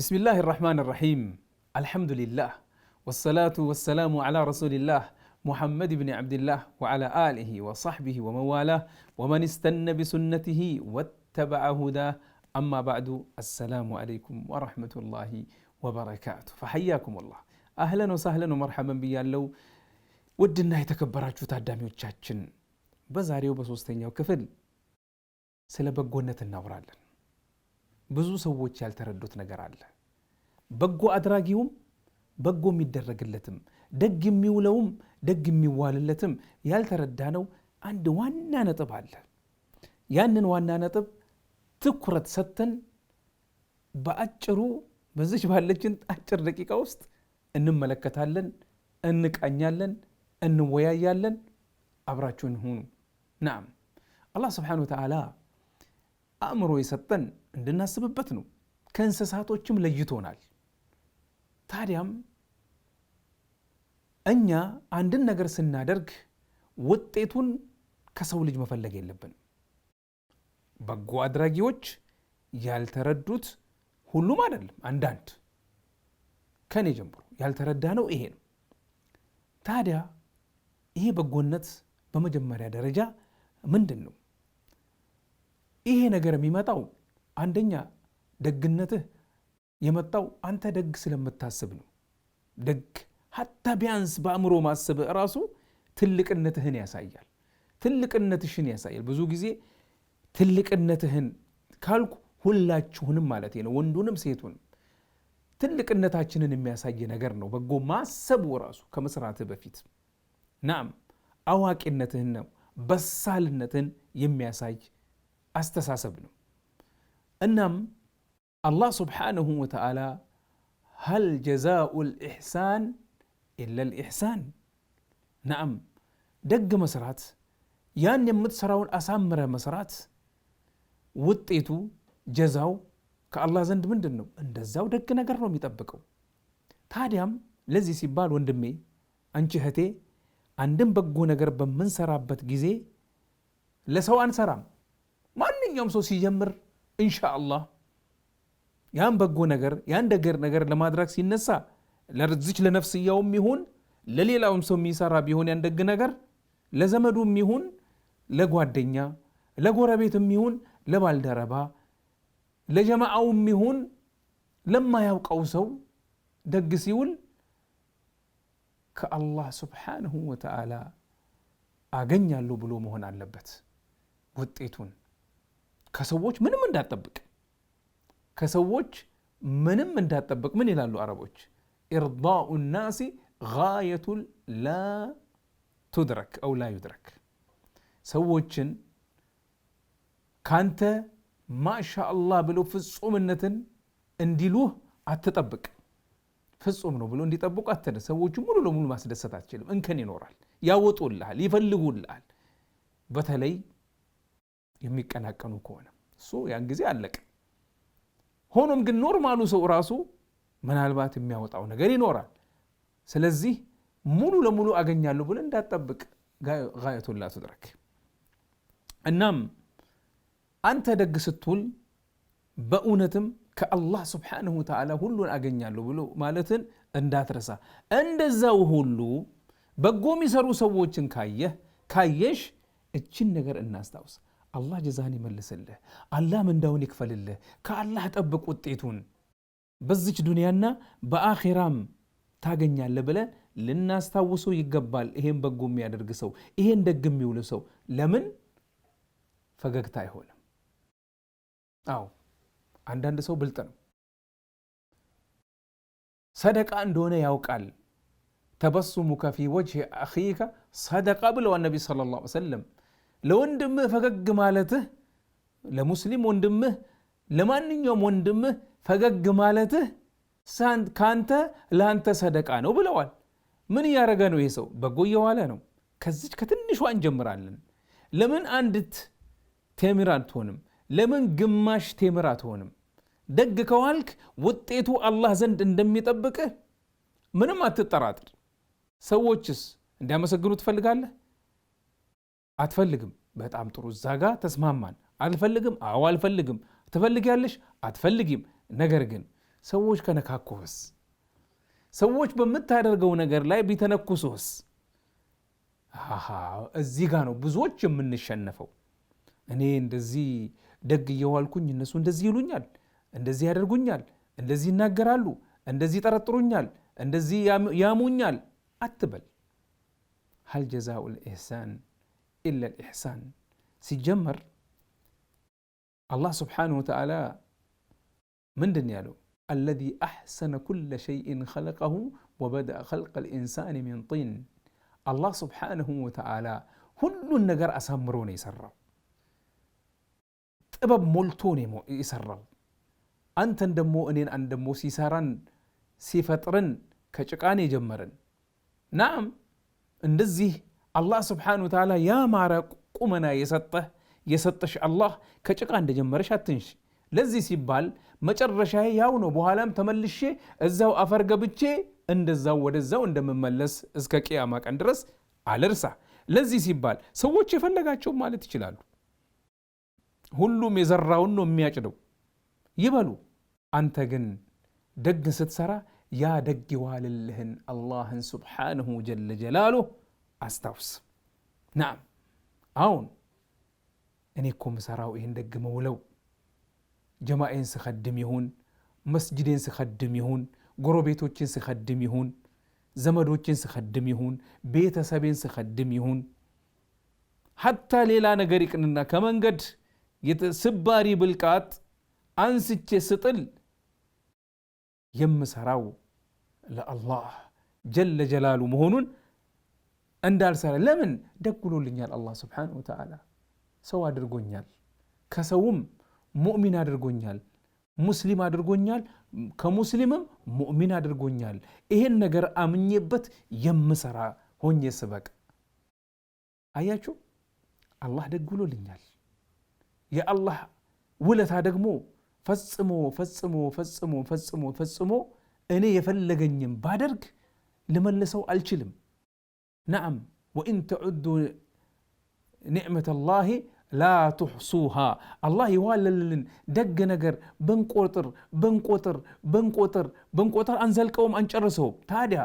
بسم الله الرحمن الرحيم الحمد لله والصلاة والسلام على رسول الله محمد بن عبد الله وعلى آله وصحبه ومن والاه ومن استنى بسنته واتبع هداه أما بعد السلام عليكم ورحمة الله وبركاته فحياكم الله أهلا وسهلا ومرحبا لو ودنا የተከበራችሁ ታዳሚዎቻችን በዛሬው በሶስተኛው ክፍል سلبك በጎነት النورالن ብዙ ሰዎች ያልተረዱት ነገር አለ። በጎ አድራጊውም በጎ የሚደረግለትም ደግ የሚውለውም ደግ የሚዋልለትም ያልተረዳ ነው አንድ ዋና ነጥብ አለ። ያንን ዋና ነጥብ ትኩረት ሰጥተን በአጭሩ በዚች ባለችን አጭር ደቂቃ ውስጥ እንመለከታለን፣ እንቃኛለን፣ እንወያያለን። አብራችሁን ሁኑ። ናም አላህ ስብሓነሁ ወተዓላ አእምሮ የሰጠን እንድናስብበት ነው። ከእንስሳቶችም ለይቶናል። ታዲያም እኛ አንድን ነገር ስናደርግ ውጤቱን ከሰው ልጅ መፈለግ የለብንም። በጎ አድራጊዎች ያልተረዱት ሁሉም አይደለም፣ አንዳንድ ከኔ ጀምሮ ያልተረዳ ነው ይሄ ነው። ታዲያ ይሄ በጎነት በመጀመሪያ ደረጃ ምንድን ነው? ይሄ ነገር የሚመጣው አንደኛ ደግነትህ የመጣው አንተ ደግ ስለምታስብ ነው። ደግ ሀታ ቢያንስ በአእምሮ ማሰብ ራሱ ትልቅነትህን ያሳያል። ትልቅነትሽን ያሳያል። ብዙ ጊዜ ትልቅነትህን ካልኩ ሁላችሁንም ማለት ነው፣ ወንዱንም ሴቱንም ትልቅነታችንን የሚያሳይ ነገር ነው። በጎ ማሰቡ ራሱ ከመስራትህ በፊት ናም አዋቂነትህን ነው፣ በሳልነትን የሚያሳይ አስተሳሰብ ነው። እናም አላህ ስብሓንሁ ወተዓላ ሀል ጀዛኡ ልኢሕሳን ኢላ ልኢሕሳን፣ ናም ደግ መስራት ያን የምትሰራውን አሳምረ መስራት ውጤቱ ጀዛው ከአላህ ዘንድ ምንድን ነው? እንደዛው ደግ ነገር ነው የሚጠብቀው። ታዲያም ለዚህ ሲባል ወንድሜ፣ አንቺ እህቴ፣ አንድም በጎ ነገር በምንሰራበት ጊዜ ለሰው አንሰራም። ማንኛውም ሰው ሲጀምር እንሻአላህ ያን በጎ ነገር ያን ደገር ነገር ለማድረግ ሲነሳ ለርዝች ለነፍስያውም ይሁን ለሌላውም ሰው የሚሰራ ቢሆን ያን ደግ ነገር ለዘመዱም ይሁን ለጓደኛ፣ ለጎረቤትም ይሁን ለባልደረባ፣ ለጀማአውም ይሁን ለማያውቀው ሰው ደግ ሲውል ከአላህ ስብሓንሁ ወተዓላ አገኛለሁ ብሎ መሆን አለበት ውጤቱን ከሰዎች ምንም እንዳትጠብቅ ከሰዎች ምንም እንዳትጠብቅ ምን ይላሉ አረቦች ኢርዳኡ ናሲ ጋየቱን ላ ቱድረክ አው ላ ዩድረክ ሰዎችን ካንተ ማሻ አላህ ብለው ፍጹምነትን እንዲሉህ አትጠብቅ ፍጹም ነው ብሎ እንዲጠብቁ አትደ ሰዎቹ ሙሉ ለሙሉ ማስደሰት አትችልም እንከን ይኖራል ያወጡልሃል ይፈልጉልሃል በተለይ የሚቀናቀኑ ከሆነ እሱ ያን ጊዜ አለቀ። ሆኖም ግን ኖርማሉ ሰው ራሱ ምናልባት የሚያወጣው ነገር ይኖራል። ስለዚህ ሙሉ ለሙሉ አገኛለሁ ብለን እንዳትጠብቅ ጋየቱላ ላትድረክ። እናም አንተ ደግ ስትውል በእውነትም ከአላህ ስብሓንሁ ተዓላ ሁሉን አገኛለሁ ብሎ ማለትን እንዳትረሳ። እንደዛው ሁሉ በጎ የሚሰሩ ሰዎችን ካየህ ካየሽ እችን ነገር እናስታውሳ አላህ ጀዛህን ይመልስልህ። አላህ ምንዳውን ይክፈልልህ። ከአላህ ጠብቅ ውጤቱን በዚች ዱንያና በአኼራም ታገኛለህ ብለን ልናስታውሱ ይገባል። ይሄን በጎ የሚያደርግ ሰው ይሄን ደግ የሚውል ሰው ለምን ፈገግታ አይሆንም? አዎ አንዳንድ ሰው ብልጥ ነው። ሰደቃ እንደሆነ ያውቃል። ተበሱሙከ ፊ ወጅሂ አኺከ ሰደቃ ብለዋል ነቢ ሰለላሁ ዐለይሂ ወሰለም ለወንድምህ ፈገግ ማለትህ ለሙስሊም ወንድምህ ለማንኛውም ወንድምህ ፈገግ ማለትህ ከአንተ ለአንተ ሰደቃ ነው ብለዋል። ምን እያደረገ ነው ይህ ሰው? በጎ እየዋለ ነው። ከዚች ከትንሿ እንጀምራለን። ለምን አንዲት ቴምር አትሆንም? ለምን ግማሽ ቴምር አትሆንም? ደግ ከዋልክ ውጤቱ አላህ ዘንድ እንደሚጠብቅህ ምንም አትጠራጥር። ሰዎችስ እንዲያመሰግኑ ትፈልጋለህ? አትፈልግም። በጣም ጥሩ እዛ ጋ ተስማማን። አልፈልግም። አዎ አልፈልግም። ትፈልጊያለሽ? አትፈልጊም። ነገር ግን ሰዎች ከነካኩህስ፣ ሰዎች በምታደርገው ነገር ላይ ቢተነኩሱህስ? እዚህ ጋ ነው ብዙዎች የምንሸነፈው። እኔ እንደዚህ ደግ እየዋልኩኝ እነሱ እንደዚህ ይሉኛል፣ እንደዚህ ያደርጉኛል፣ እንደዚህ ይናገራሉ፣ እንደዚህ ይጠረጥሩኛል፣ እንደዚህ ያሙኛል አትበል። ሀል ጀዛኡል ኢሕሳን ኢለል ኢሕሳን። ሲጀመር አላህ ስብሓነሁ ወተዓላ ምንድን ያለው አለዚ አሕሰነ ኩለ ሸይእን ኸለቀሁ ወበደአ ኸልቀል ኢንሳን ሚን ጢን። አላህ ስብሓነሁ ወተዓላ ሁሉን ነገር አሳምሮ ነው የሰራው፣ ጥበብ ሞልቶ ነው የሰራው። አንተን ደሞ እኔን አን ደሞ ሲሰራን ሲፈጥርን ከጭቃን የጀመረን ናም እንደዚህ አላህ ስብሓነሁ ወተዓላ ያማረ ቁመና የሰጠህ የሰጠሽ አላህ ከጭቃ እንደጀመረሽ አትንሽ። ለዚህ ሲባል መጨረሻ ያው ነው፣ በኋላም ተመልሼ እዛው አፈር ገብቼ እንደዛው ወደዛው እንደምመለስ እስከ ቅያማ ቀን ድረስ አልርሳ። ለዚህ ሲባል ሰዎች የፈለጋቸው ማለት ይችላሉ። ሁሉም የዘራውን ነው የሚያጭደው ይበሉ። አንተ ግን ደግ ስትሰራ ያ ደግ የዋልልህን አላህን ስብሓነሁ ጀለ ጀላሉህ አስታውስ። ናም አሁን እኔ እኮ ምሰራው ይህን ደግ መውለው ጀማኤን ስኸድም ይሁን መስጅዴን ስኸድም ይሁን ጎረቤቶችን ስኸድም ይሁን ዘመዶችን ስኸድም ይሁን ቤተሰቤን ስኸድም ይሁን ሀታ ሌላ ነገር ይቅንና ከመንገድ ስባሪ ብልቃጥ አንስቼ ስጥል የምሰራው ለአላህ ጀለ ጀላሉ መሆኑን እንዳልሰራ ለምን ደጉሎልኛል። አላህ ስብሓነሁ ወተዓላ ሰው አድርጎኛል። ከሰውም ሙእሚን አድርጎኛል። ሙስሊም አድርጎኛል። ከሙስሊምም ሙእሚን አድርጎኛል። ይሄን ነገር አምኜበት የምሰራ ሆኜ ስበቅ አያችሁ፣ አላህ ደጉሎልኛል። የአላህ ውለታ ደግሞ ፈጽሞ ፈጽሞ ፈጽሞ ፈጽሞ ፈጽሞ እኔ የፈለገኝም ባደርግ ልመልሰው አልችልም። ነአም ወኢን ተዑዱ ኒዕመት ላሂ ላ ትሕሱሃ አላህ የዋለልን ደግ ነገር ብንቆጥር ብንቆጥር ብንቆጥር ብንቆጥር አንዘልቀውም፣ አንጨርሰውም። ታዲያ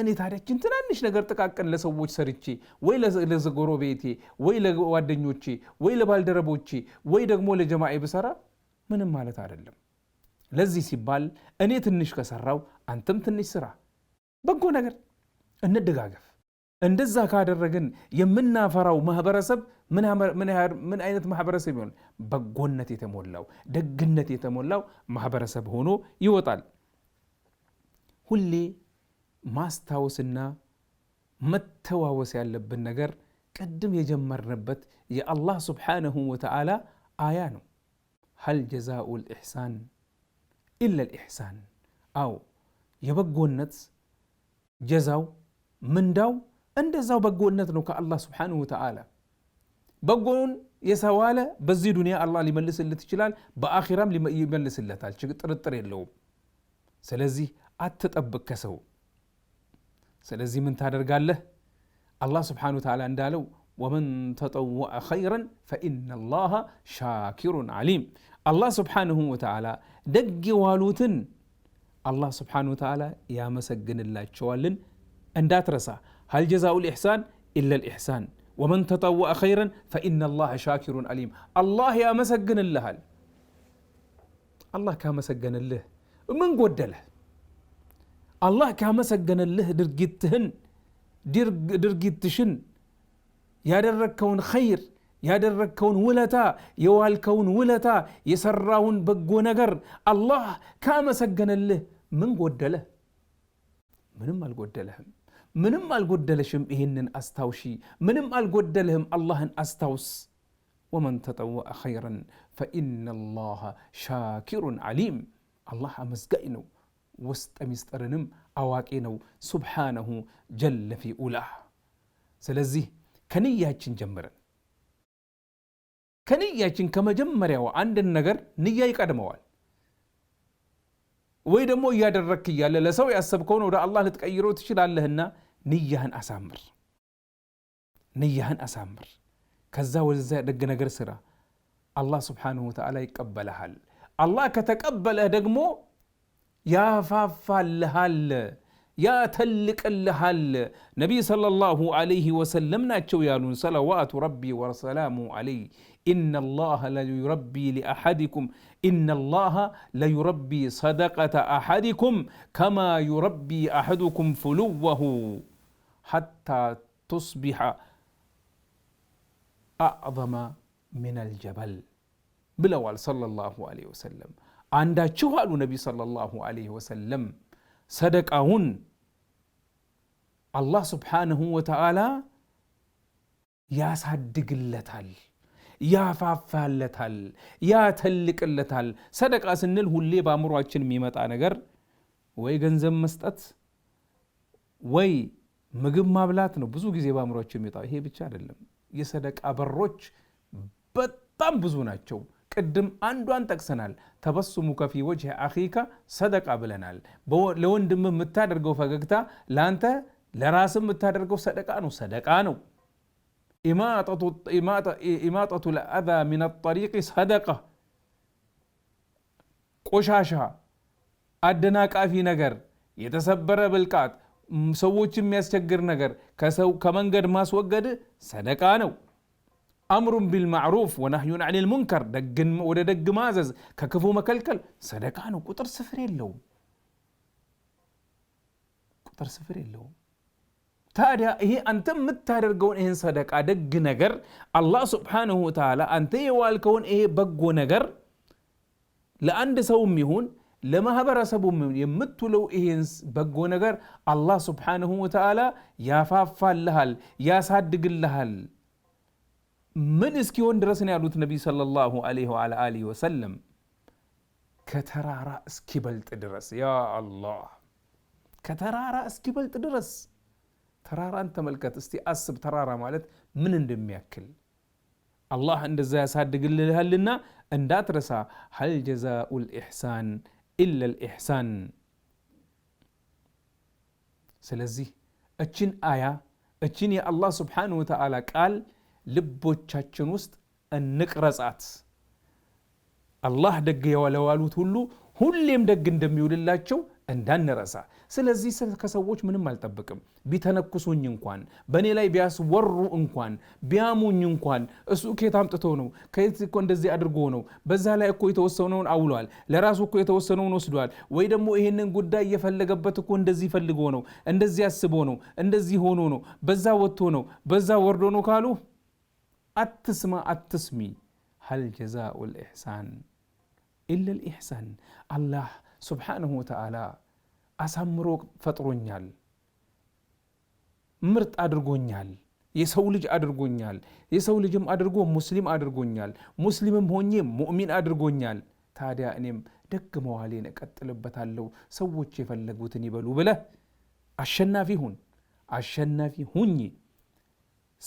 እኔ ታዲያችን ትናንሽ ነገር ጥቃቅን ለሰዎች ሰርቼ ወይ ለጎረቤቴ ወይ ለጓደኞቼ ወይ ለባልደረቦቼ ወይ ደግሞ ለጀማኤ ብሰራ ምንም ማለት አይደለም። ለዚህ ሲባል እኔ ትንሽ ከሰራው አንተም ትንሽ ስራ፣ በጎ ነገር እንደጋገፍ። እንደዛ ካደረግን የምናፈራው ማህበረሰብ ምን አይነት ማህበረሰብ ይሆን? በጎነት የተሞላው ደግነት የተሞላው ማህበረሰብ ሆኖ ይወጣል። ሁሌ ማስታወስና መተዋወስ ያለብን ነገር ቅድም የጀመርንበት የአላህ ስብሓነሁ ወተዓላ አያ ነው። ሀል ጀዛኡ ልኢሕሳን ኢላ ልኢሕሳን። አዎ የበጎነት ጀዛው ምንዳው እንደዛው በጎነት ነው ከአላህ ስብሓንሁ ተዓላ። በጎውን የሰዋለ በዚህ ዱንያ አላህ ሊመልስለት ይችላል፣ በአኺራም ሊመልስለታል፣ ጥርጥር የለውም። ስለዚህ አትጠብቅ ከሰው። ስለዚህ ምን ታደርጋለህ? አላህ ስብሓንሁ ተዓላ እንዳለው ወመን ተጠወዐ ኸይረን ፈኢነላሃ ሻኪሩን ዓሊም። አላህ ስብሓንሁ ወተዓላ ደግ የዋሉትን አላህ ስብሓንሁ ወተዓላ ያመሰግንላቸዋልን። እንዳትረሳ ሀል ጀዛኡ ልኢሕሳን ኢለ ልኢሕሳን ወመን ተጠወአ ኸይረን ፈኢነ ላህ ሻኪሩን አሊም። አላህ ያመሰግንልሃል። አላህ ካመሰገንልህ ምን ጎደለህ? አላህ ካመሰገነልህ ድርጊትህን ድርጊትሽን ያደረግከውን ኸይር ያደረግከውን ውለታ የዋልከውን ውለታ የሰራውን በጎ ነገር አላህ ካመሰገነልህ ምን ጎደለህ? ምንም አልጎደለህም። ምንም አልጎደለሽም፣ ይህንን አስታውሺ። ምንም አልጎደልህም፣ አላህን አስታውስ። ወመን ተጠወአ ኸይረን ፈኢነ ሻኪሩን ዓሊም። አላህ አመስጋኝ ነው፣ ውስጠ ሚስጥርንም አዋቂ ነው። ሱብሓነሁ ጀለ ፊ ኡላህ። ስለዚህ ከንያችን ጀምረን ከንያችን ከመጀመሪያው አንድን ነገር ንያ ይቀድመዋል። ወይ ደግሞ እያደረግክ እያለ ለሰው ያሰብከውን ወደ አላህ ልትቀይረው ትችላለህና ንያህን አሳምር ንያህን አሳምር ከዛ ወደዛ ደግ ነገር ስራ አላህ ስብሓንሁ ወተዓላ ይቀበልሃል አላህ ከተቀበለህ ደግሞ ያፋፋልሃል ያተልቅልሃል ነቢይ صለ ላሁ አለይህ ወሰለም ናቸው ያሉን ሰለዋቱ ረቢ ወሰላሙ አለይ إن الله ليربي لأحدكم إن الله ليربي صدقة أحدكم كما يربي أحدكم فلوه ሐታ ቱስቢሐ አዕዘመ ሚነል ጀበል ብለዋል ሰለላሁ ዐለይሂ ወሰለም። አንዳችሁ አሉ ነቢ ሰለላሁ ዐለይሂ ወሰለም ሰደቃውን አላህ ስብሓነሁ ወተዓላ ያሳድግለታል፣ ያፋፋለታል፣ ያተልቅለታል። ሰደቃ ስንል ሁሌ በአእምሯችን የሚመጣ ነገር ወይ ገንዘብ መስጠት ወይ ምግብ ማብላት ነው ብዙ ጊዜ በአእምሯቸው የሚወጣው። ይሄ ብቻ አይደለም፣ የሰደቃ በሮች በጣም ብዙ ናቸው። ቅድም አንዷን ጠቅሰናል። ተበሱሙ ከፊ ወጅህ አኺካ ሰደቃ ብለናል። ለወንድም የምታደርገው ፈገግታ ለአንተ ለራስ የምታደርገው ሰደቃ ነው፣ ሰደቃ ነው። ኢማጠቱ ለአዛ ሚን ጠሪቅ ሰደቃ። ቆሻሻ አደናቃፊ ነገር፣ የተሰበረ ብልቃት ሰዎች የሚያስቸግር ነገር ከመንገድ ማስወገድ ሰደቃ ነው። አምሩን ቢልማዕሩፍ ወናህዩን አኒል ሙንከር ወደ ደግ ማዘዝ ከክፉ መከልከል ሰደቃ ነው። ቁጥር ስፍር የለውም፣ ቁጥር ስፍር የለውም። ታዲያ ይሄ አንተ የምታደርገውን ይህን ሰደቃ ደግ ነገር አላህ ስብሓነሁ ወተዓላ አንተ የዋልከውን ይሄ በጎ ነገር ለአንድ ሰውም ይሁን ለማህበረሰቡም የምትውለው ይሄን በጎ ነገር አላህ ስብሓንሁ ወተዓላ ያፋፋልሃል፣ ያሳድግልሃል። ምን እስኪሆን ድረስ ነው ያሉት ነቢይ ሰለላሁ ዐለይሂ ወአሊሂ ወሰለም ከተራራ እስኪበልጥ ድረስ ያ አላህ ከተራራ እስኪበልጥ ድረስ። ተራራን ተመልከት እስቲ አስብ፣ ተራራ ማለት ምን እንደሚያክል አላህ እንደዛ ያሳድግልሃልና እንዳትረሳ። ሀል ጀዛኡል ኢሕሳን ኢለል ኢሕሳን። ስለዚህ እችን አያ እችን የአላህ ስብሓነሁ ወተዓላ ቃል ልቦቻችን ውስጥ እንቅረጻት። አላህ ደግ የዋለዋሉት ሁሉ ሁሌም ደግ እንደሚውልላቸው እንዳንረሳ። ስለዚህ ከሰዎች ምንም አልጠብቅም። ቢተነኩሱኝ እንኳን በእኔ ላይ ቢያስወሩ እንኳን ቢያሙኝ እንኳን እሱ ከየት አምጥቶ ነው? ከየት እኮ እንደዚህ አድርጎ ነው? በዛ ላይ እኮ የተወሰነውን አውሏል፣ ለራሱ እኮ የተወሰነውን ወስዷል። ወይ ደግሞ ይህንን ጉዳይ እየፈለገበት እኮ እንደዚህ ፈልጎ ነው፣ እንደዚህ አስቦ ነው፣ እንደዚህ ሆኖ ነው፣ በዛ ወጥቶ ነው፣ በዛ ወርዶ ነው ካሉ አትስማ፣ አትስሚ። ሀል ጀዛኡ ልኢሕሳን ኢላ ልኢሕሳን አላህ ሱብሓነሁ ወተዓላ አሳምሮ ፈጥሮኛል፣ ምርጥ አድርጎኛል፣ የሰው ልጅ አድርጎኛል። የሰው ልጅም አድርጎ ሙስሊም አድርጎኛል፣ ሙስሊምም ሆኜ ሙእሚን አድርጎኛል። ታዲያ እኔም ደግ መዋሌን እቀጥልበታለሁ፣ ሰዎች የፈለጉትን ይበሉ ብለህ አሸናፊ ሁን፣ አሸናፊ ሁኝ።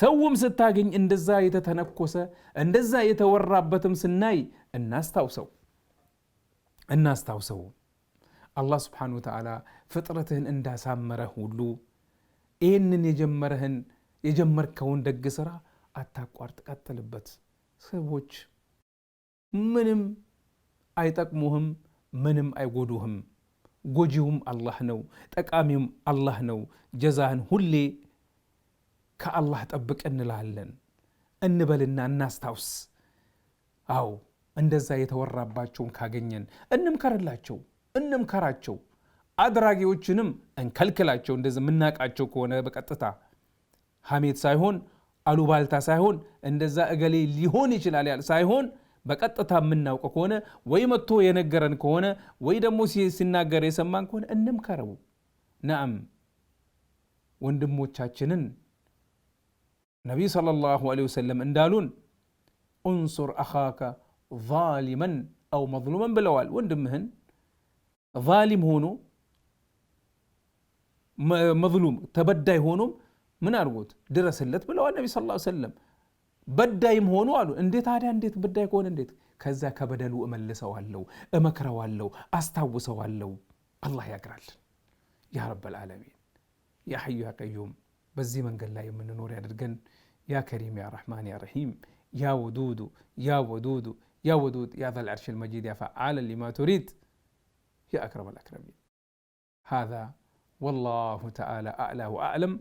ሰውም ስታገኝ እንደዛ የተተነኮሰ እንደዛ የተወራበትም ስናይ እናስታውሰው። እናስታውሰው። አላህ ስብሓነሁ ወተዓላ ፍጥረትህን እንዳሳመረ ሁሉ ይህንን የጀመረህን የጀመርከውን ደግ ስራ አታቋርጥ፣ ቀጥልበት። ሰዎች ምንም አይጠቅሙህም፣ ምንም አይጎዱህም። ጎጂውም አላህ ነው፣ ጠቃሚውም አላህ ነው። ጀዛህን ሁሌ ከአላህ ጠብቅ እንላለን። እንበልና እናስታውስ። አዎ እንደዛ የተወራባቸውን ካገኘን እንምከርላቸው፣ እንምከራቸው። አድራጊዎችንም እንከልክላቸው። እንደዚ የምናቃቸው ከሆነ በቀጥታ ሐሜት ሳይሆን አሉባልታ ሳይሆን እንደዛ እገሌ ሊሆን ይችላል ያል ሳይሆን በቀጥታ የምናውቀው ከሆነ ወይ መጥቶ የነገረን ከሆነ ወይ ደግሞ ሲናገር የሰማን ከሆነ እንምከረው። ነአም ወንድሞቻችንን ነቢይ ሰለላሁ ዐለይሂ ወሰለም እንዳሉን ኡንሱር አኻከ ዛሊመን አው መዝሉመን ብለዋል። ወንድምህን ዛሊም ሆኖ መዝሉም ተበዳይ ሆኖም ምን አድርጎት ድረስለት ብለዋል ነቢ ሰለላሁ ዐለይሂ በዳይም ሆኖ አሉ እንዴት ታዲያ እንዴት በዳይ ከሆነ እንዴት ከዛ ከበደሉ እመልሰዋለሁ፣ እመክረዋለሁ፣ አስታውሰዋለሁ። አላህ ያግራል። ያ ረበል ዓለሚን ያ ሐዩ ያ ቀዩም በዚህ መንገድ ላይ የምንኖር ያድርገን። ያ ከሪም ያ ረሕማን ያ ረሒም ያ ወዱዱ ያ ወዱዱ يا ودود يا ذا العرش المجيد يا فعالا لما تريد يا اكرم الاكرمين هذا والله تعالى اعلى واعلم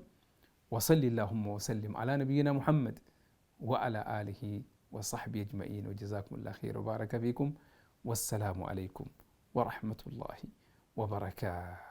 وصلي اللهم وسلم على نبينا محمد وعلى اله وصحبه اجمعين وجزاكم الله خير وبارك فيكم والسلام عليكم ورحمه الله وبركاته